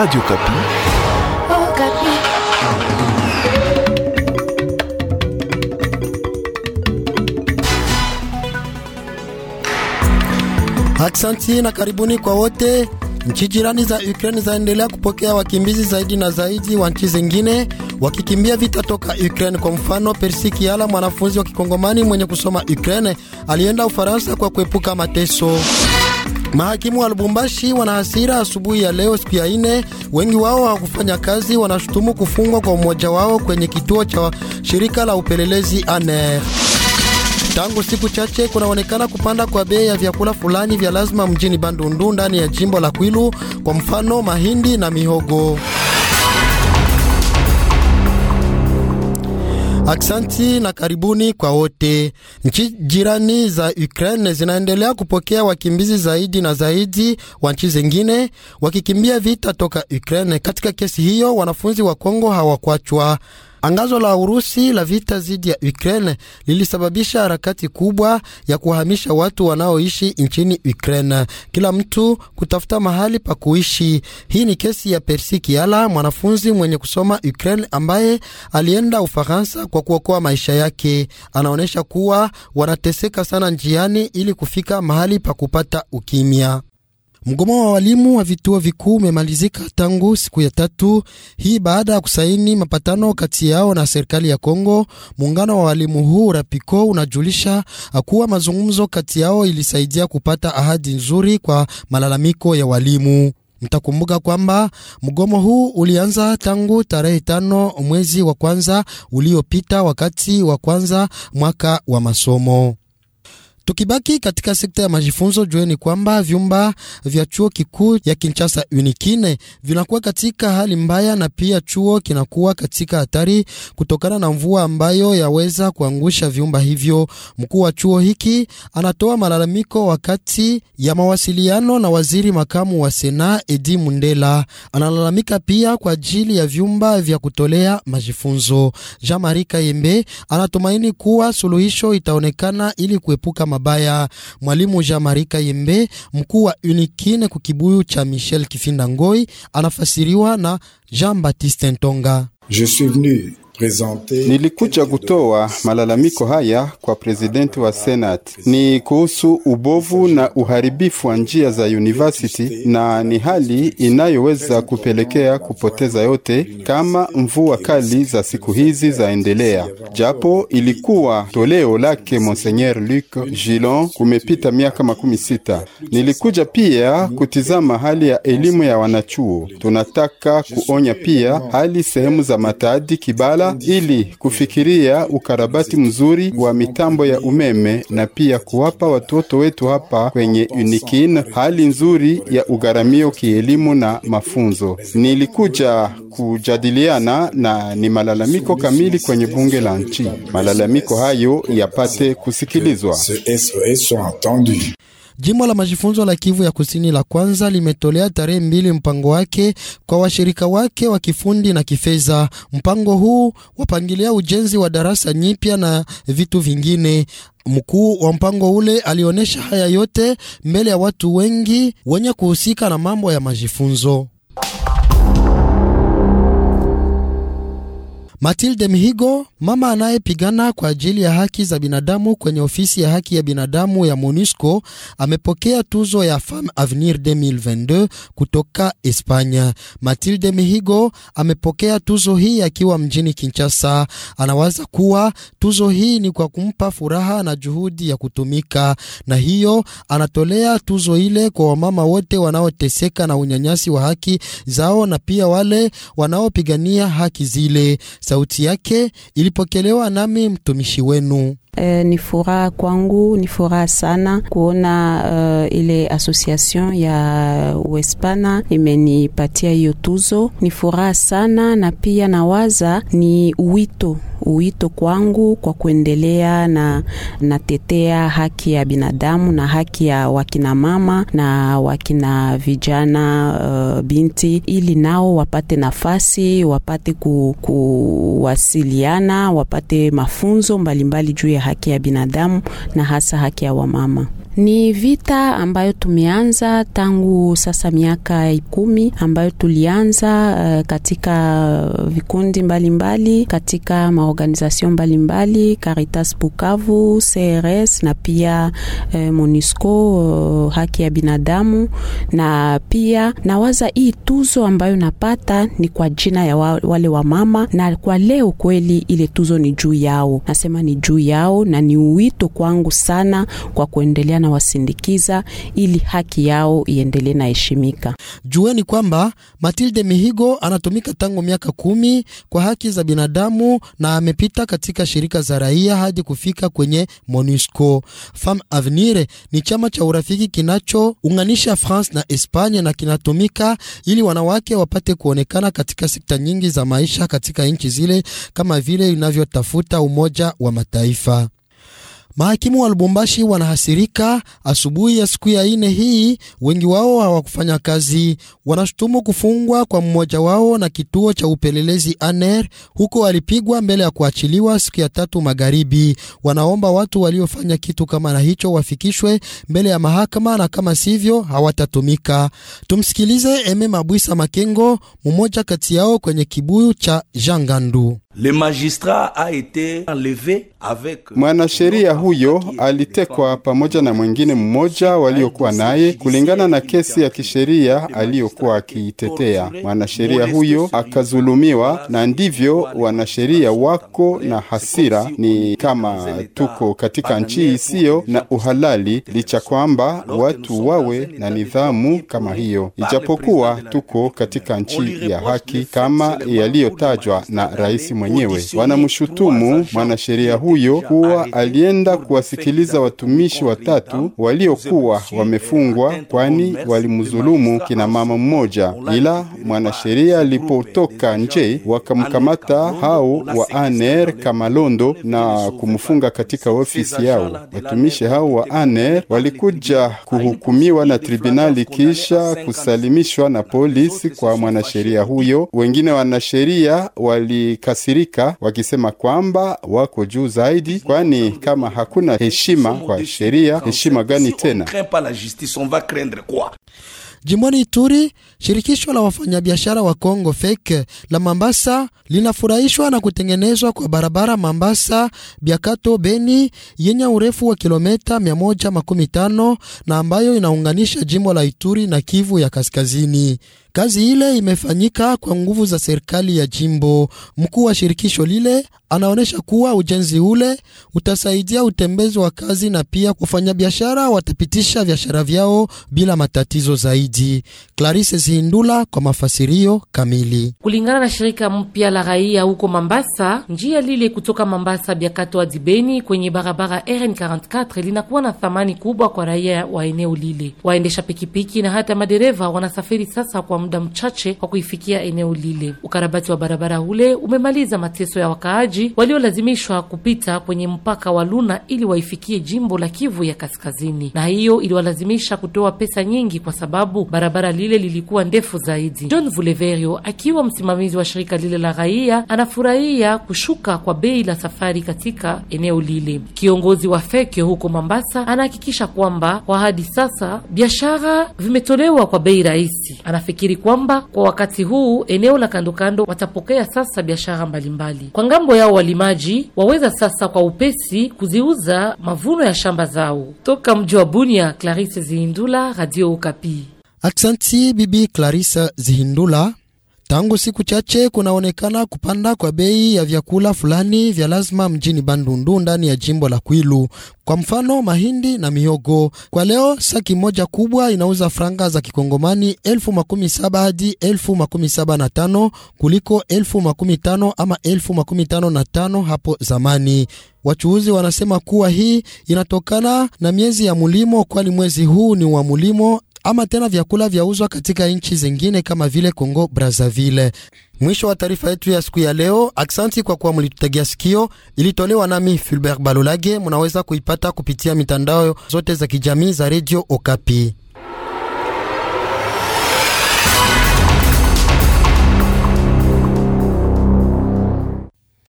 Radio Kapi. Oh, Kapi. Aksanti na karibuni kwa wote. Nchi jirani za Ukraine zaendelea kupokea wakimbizi zaidi na zaidi wa nchi zingine wakikimbia vita toka Ukraine. Kwa mfano, Persi Kiala, mwanafunzi wa Kikongomani mwenye kusoma Ukraine, alienda Ufaransa kwa kuepuka mateso. Mahakimu wa Lubumbashi wana hasira asubuhi ya leo, siku ya ine. Wengi wao hawakufanya kazi, wanashutumu kufungwa kwa mmoja wao kwenye kituo cha shirika la upelelezi ANER. Tangu siku chache kunaonekana kupanda kwa bei ya vyakula fulani vya lazima mjini Bandundu ndani ya jimbo la Kwilu, kwa mfano mahindi na mihogo. Aksanti na karibuni kwa wote. Nchi jirani za Ukraine zinaendelea kupokea wakimbizi zaidi na zaidi wa nchi zingine wakikimbia vita toka Ukraine. Katika kesi hiyo, wanafunzi wa Kongo hawakuachwa Angazo la Urusi la vita dhidi ya Ukraine lilisababisha harakati kubwa ya kuhamisha watu wanaoishi nchini Ukraine, kila mtu kutafuta mahali pa kuishi. Hii ni kesi ya Persi Kiala, mwanafunzi mwenye kusoma Ukraine ambaye alienda Ufaransa kwa kuokoa maisha yake. Anaonyesha kuwa wanateseka sana njiani ili kufika mahali pa kupata ukimya. Mgomo wa walimu wa vituo vikuu umemalizika tangu siku ya tatu hii baada ya kusaini mapatano kati yao na serikali ya Kongo. Muungano wa walimu huu rapiko unajulisha kuwa mazungumzo kati yao ilisaidia kupata ahadi nzuri kwa malalamiko ya walimu. Mtakumbuka kwamba mgomo huu ulianza tangu tarehe tano mwezi wa kwanza uliopita, wakati wa kwanza mwaka wa masomo. Tukibaki katika sekta ya majifunzo, jueni kwamba vyumba vya chuo kikuu ya Kinshasa Unikine vinakuwa katika hali mbaya, na pia chuo kinakuwa katika hatari kutokana na mvua ambayo yaweza kuangusha vyumba hivyo. Mkuu wa chuo hiki anatoa malalamiko wakati ya mawasiliano na waziri makamu wa Sena Edi Mundela. Analalamika pia kwa ajili ya vyumba vya kutolea majifunzo. Jean Marie Kayembe anatumaini kuwa suluhisho itaonekana ili kuepuka mabaya mwalimu Jamarika Yembe, mkuu wa Unikine kukibuyu cha Michel Kifinda Ngoi, anafasiriwa na Jean Baptiste Ntonga. Je suis venu Nilikuja kutoa malalamiko haya kwa presidenti wa Senate. Ni kuhusu ubovu na uharibifu wa njia za university, na ni hali inayoweza kupelekea kupoteza yote kama mvua kali za siku hizi zaendelea. Japo ilikuwa toleo lake Monseigneur Luc Gillon kumepita miaka makumi sita. Nilikuja pia kutizama hali ya elimu ya wanachuo. Tunataka kuonya pia hali sehemu za Matadi, Kibala ili kufikiria ukarabati mzuri wa mitambo ya umeme na pia kuwapa watoto wetu hapa kwenye UNIKIN hali nzuri ya ugharamio kielimu na mafunzo. Nilikuja kujadiliana na ni malalamiko kamili kwenye bunge la nchi, malalamiko hayo yapate kusikilizwa. Jimbo la majifunzo la Kivu ya Kusini la kwanza limetolea tarehe mbili mpango wake kwa washirika wake wa kifundi na kifedha. Mpango huu wapangilia ujenzi wa darasa nyipya na vitu vingine. Mkuu wa mpango ule alionyesha haya yote mbele ya watu wengi wenye kuhusika na mambo ya majifunzo. Matilde Mhigo, mama anayepigana kwa ajili ya haki za binadamu kwenye ofisi ya haki ya binadamu ya MONUSCO, amepokea tuzo ya Femme Avenir 2022 kutoka Hispania. Matilde Mhigo amepokea tuzo hii akiwa mjini Kinshasa. Anawaza kuwa tuzo hii ni kwa kumpa furaha na juhudi ya kutumika, na hiyo anatolea tuzo ile kwa wamama wote wanaoteseka na unyanyasi wa haki zao na pia wale wanaopigania haki zile sauti yake ilipokelewa nami mtumishi wenu. Eh, ni furaha kwangu, ni furaha sana kuona uh, ile association ya Uespana imenipatia hiyo tuzo. Ni furaha sana na pia nawaza ni wito wito kwangu kwa kuendelea na natetea haki ya binadamu na haki ya wakina mama na wakina vijana uh, binti, ili nao wapate nafasi, wapate ku, kuwasiliana, wapate mafunzo mbalimbali juu ya ya haki ya binadamu na hasa haki ya wamama. Ni vita ambayo tumeanza tangu sasa miaka kumi ambayo tulianza uh, katika vikundi mbalimbali mbali, katika maorganization mbalimbali Caritas Bukavu, CRS na pia uh, eh, MONUSCO uh, eh, haki ya binadamu na pia nawaza hii tuzo ambayo napata ni kwa jina ya wale wa mama, na kwa leo kweli ile tuzo ni juu yao, nasema ni juu yao na ni uwito kwangu sana kwa kuendelea na wanawasindikiza ili haki yao iendelee na heshimika. Jueni kwamba Matilde Mihigo anatumika tangu miaka kumi kwa haki za binadamu na amepita katika shirika za raia hadi kufika kwenye MONUSCO. Femme Avenir ni chama cha urafiki kinachounganisha France na Espanya na kinatumika ili wanawake wapate kuonekana katika sekta nyingi za maisha katika nchi zile kama vile inavyotafuta Umoja wa Mataifa. Mahakimu wa Lubumbashi wanahasirika. Asubuhi ya siku ya ine hii, wengi wao hawakufanya kazi. Wanashutumu kufungwa kwa mmoja wao na kituo cha upelelezi ANER huko walipigwa mbele ya kuachiliwa siku ya tatu magharibi. Wanaomba watu waliofanya kitu kama na hicho wafikishwe mbele ya mahakama, na kama sivyo hawatatumika. Tumsikilize Eme Mabwisa Makengo, mmoja kati yao kwenye kibuyu cha Jangandu. Mwanasheria huyo alitekwa pamoja na mwingine mmoja waliokuwa naye kulingana na kesi ya kisheria aliyokuwa akiitetea. Mwanasheria huyo akazulumiwa, na ndivyo wanasheria wako na hasira. Ni kama tuko katika nchi isiyo na uhalali, licha kwamba watu wawe na nidhamu kama hiyo, ijapokuwa tuko katika nchi ya haki kama yaliyotajwa na rais mwenye mwenyewe. Wanamshutumu mwanasheria huyo kuwa alienda kuwasikiliza watumishi watatu waliokuwa wamefungwa, kwani walimdhulumu kina mama mmoja, ila mwanasheria alipotoka nje wakamkamata hao wa ANR Kamalondo na kumfunga katika ofisi yao. Watumishi hao wa ANR walikuja kuhukumiwa na tribunali kisha kusalimishwa na polisi kwa mwanasheria huyo. Wengine wanasheria walikasi wamekasirika wakisema kwamba wako juu zaidi, kwani kama hakuna heshima kwa sheria, heshima gani tena? Jimboni Ituri, shirikisho la wafanyabiashara wa Kongo feke la Mambasa linafurahishwa na kutengenezwa kwa barabara Mambasa Biakato Beni yenye urefu wa kilometa 115 na ambayo inaunganisha jimbo la Ituri na Kivu ya Kaskazini. Kazi ile imefanyika kwa nguvu za serikali ya jimbo. Mkuu wa shirikisho lile anaonyesha kuwa ujenzi ule utasaidia utembezi wa kazi na pia wafanyabiashara watapitisha biashara vyao bila matatizo zaidi. Clarisse Zihindula kwa mafasirio kamili. Kulingana na shirika mpya la raia huko Mambasa, njia lile kutoka Mambasa Biakato hadi Beni kwenye barabara RN 44 linakuwa na thamani kubwa kwa raia wa eneo lile. Waendesha pikipiki na hata madereva wanasafiri sasa kwa muda mchache kwa kuifikia eneo lile. Ukarabati wa barabara ule umemaliza mateso ya wakaaji waliolazimishwa kupita kwenye mpaka wa Luna ili waifikie jimbo la Kivu ya Kaskazini, na hiyo iliwalazimisha kutoa pesa nyingi kwa sababu barabara lile lilikuwa ndefu zaidi. John Vuleverio akiwa msimamizi wa shirika lile la raia anafurahia kushuka kwa bei la safari katika eneo lile. Kiongozi wa Fekyo huko Mombasa anahakikisha kwamba kwa hadi sasa biashara vimetolewa kwa bei rahisi. Anafikiri wanafikiri kwamba kwa wakati huu eneo la kandokando watapokea sasa biashara mbalimbali. Kwa ngambo yao, walimaji waweza sasa kwa upesi kuziuza mavuno ya shamba zao. Toka mji wa Bunia, Clarisse Zihindula, Radio Okapi. Aksanti Bibi Clarisse Zihindula. Tangu siku chache kunaonekana kupanda kwa bei ya vyakula fulani vya lazima mjini Bandundu ndani ya jimbo la Kwilu. Kwa mfano mahindi na mihogo. Kwa leo saki moja kubwa inauza franga za kikongomani elfu makumi saba hadi elfu makumi saba na tano kuliko elfu makumi tano ama elfu makumi tano na tano hapo zamani. Wachuuzi wanasema kuwa hii inatokana na miezi ya mulimo, kwani mwezi huu ni wa mulimo ama tena vyakula vyauzwa katika nchi zingine kama vile Kongo Brazzaville. Mwisho wa taarifa yetu ya siku ya leo. Aksanti kwa kuwa mlitutegea sikio, ilitolewa nami Fulbert Balolage. Munaweza kuipata kupitia mitandao zote za kijamii za Radio Okapi.